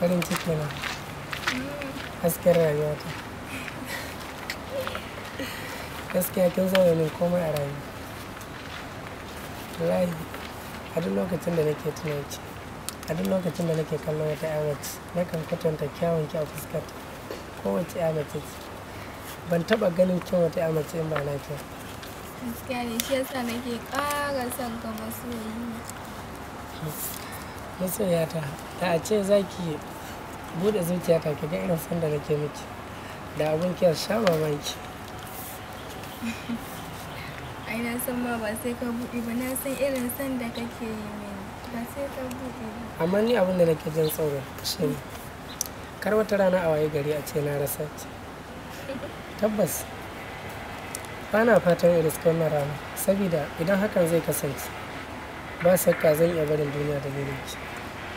farin ciki na hasken rayuwata gaskiya kin zama ne komai a rayuwa wallahi a duk lokacin da nake tunanci a duk lokacin da nake kallon wata amace nakan kwatanta kyawun ki a fuskarta kowace amace ban taba ganin kyau wata amace in ba na kyau gaskiya ne shi yasa nake ƙara son ka masoyi masoyata da a ce za ki buɗe zuciya ta ki ga irin son da nake miki da abin kiyar sha mamaki ai na san ma ba sai ka buɗe ba na san irin son da kake yi mini ba sai ka buɗe ba amma ni abin da nake jin tsoro shi ne kar wata rana a waye gari a ce na rasa ce tabbas ba na fatan iris wannan rana saboda idan hakan zai kasance ba sakka zan iya barin duniya da lulun ki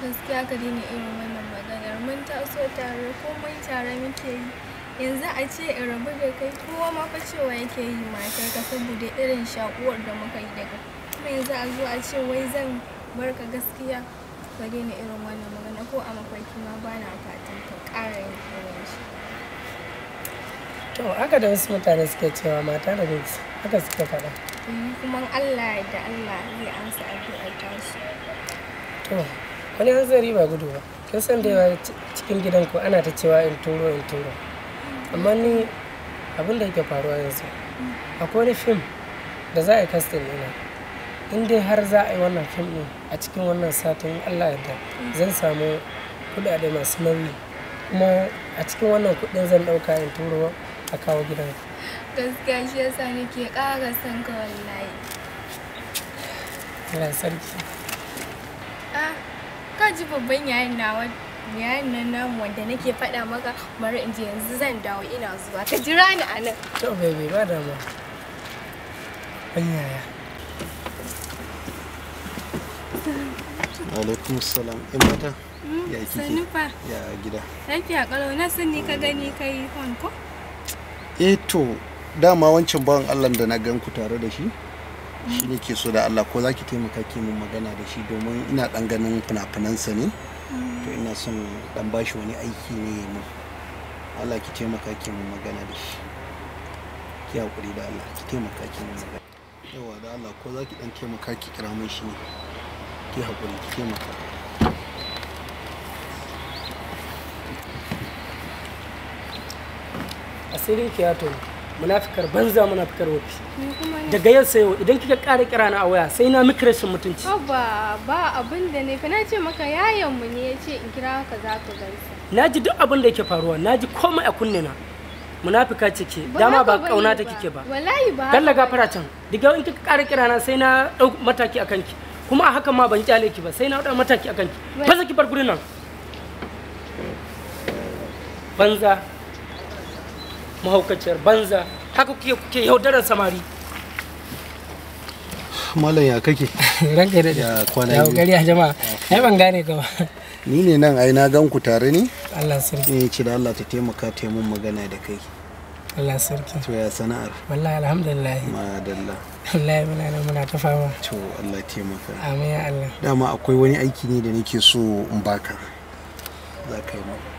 gaskiya ka daina irin wannan maganar mun taso tare komai tare muke yi yanzu a ce in rabu da kai kowa ma fa cewa yake yi matar ka saboda irin shakuwar da muka yi daga kuma yanzu a zo a ce wai zan bar ka gaskiya ka daina irin wannan magana ko a mafarki ma ba na fatan ka ƙara yin irin shi to haka da wasu mutane suke cewa mata da dutse haka suka faɗa kuma Allah da Allah amsa addu'ar to wani ba gudu ba kin san da yawa cikin gidanku ana ta cewa in turo in turo amma ni abin da yake faruwa yanzu akwai wani fim da za a yi kastin ina in dai har za a yi wannan fim ɗin a cikin wannan satin allah yadda zan samu kuɗaɗe masu nauyi kuma a cikin wannan kuɗin zan ɗauka in turo a kawo gidan gaskiya shi yasa nake kara son ka wallahi ran sarki ah ka ji babban yayin nawa yayin nan namu wanda nake faɗa maka bari in je yanzu zan dawo ina zuwa ka jira ni a nan to baby ba ba hanyaya alaikum salam in mata hmm, ya kike ya gida lafiya kalau na sun ni ka gani kai hon ko eto eh to dama wancan bawan allah da na gan ku tare da shi shi ne ke so da allah ko za ki taimaka ki mun magana da shi domin ina dan ganin fina-finansa ne to ina son dan bashi wani aiki ne ya mun allah ki taimaka ki mun magana da shi ki hakuri da allah ki taimaka ki mun magana yawa da allah ko za ki dan taimaka ki kira mun shi ne ki hakuri ki taimaka sai dai yato munafikar banza munafikar wofi daga yau sai idan kika ƙara kira na a waya sai na miki rashin mutunci ba ba abin da ne fa na ce maka yayan mu ne yace in kira ka za ka gaisa ji duk abin da yake faruwa ji komai a kunne na munafika ce ke dama ba kauna ta kike ba wallahi ba dalla gafara can diga in kika ƙara kira na sai na dau mataki akan ki kuma a hakan ma ban kyale ki ba sai na dau mataki akan ki fa ki bar gurin nan banza mahaukaciyar banza haka kuke kuke yaudarar samari malam ya kake ranka da kwana ya gari a jama'a ai ban gane ka ba ni ne nan ai na gan ku tare ne Allah sarki eh ci da Allah ta taimaka ta mun magana da kai Allah sarki to ya sana'ar wallahi alhamdulillah madalla wallahi muna nan muna ta fama to Allah taimaka amin ya Allah dama akwai wani aiki ne da nake so in baka za ka yi mu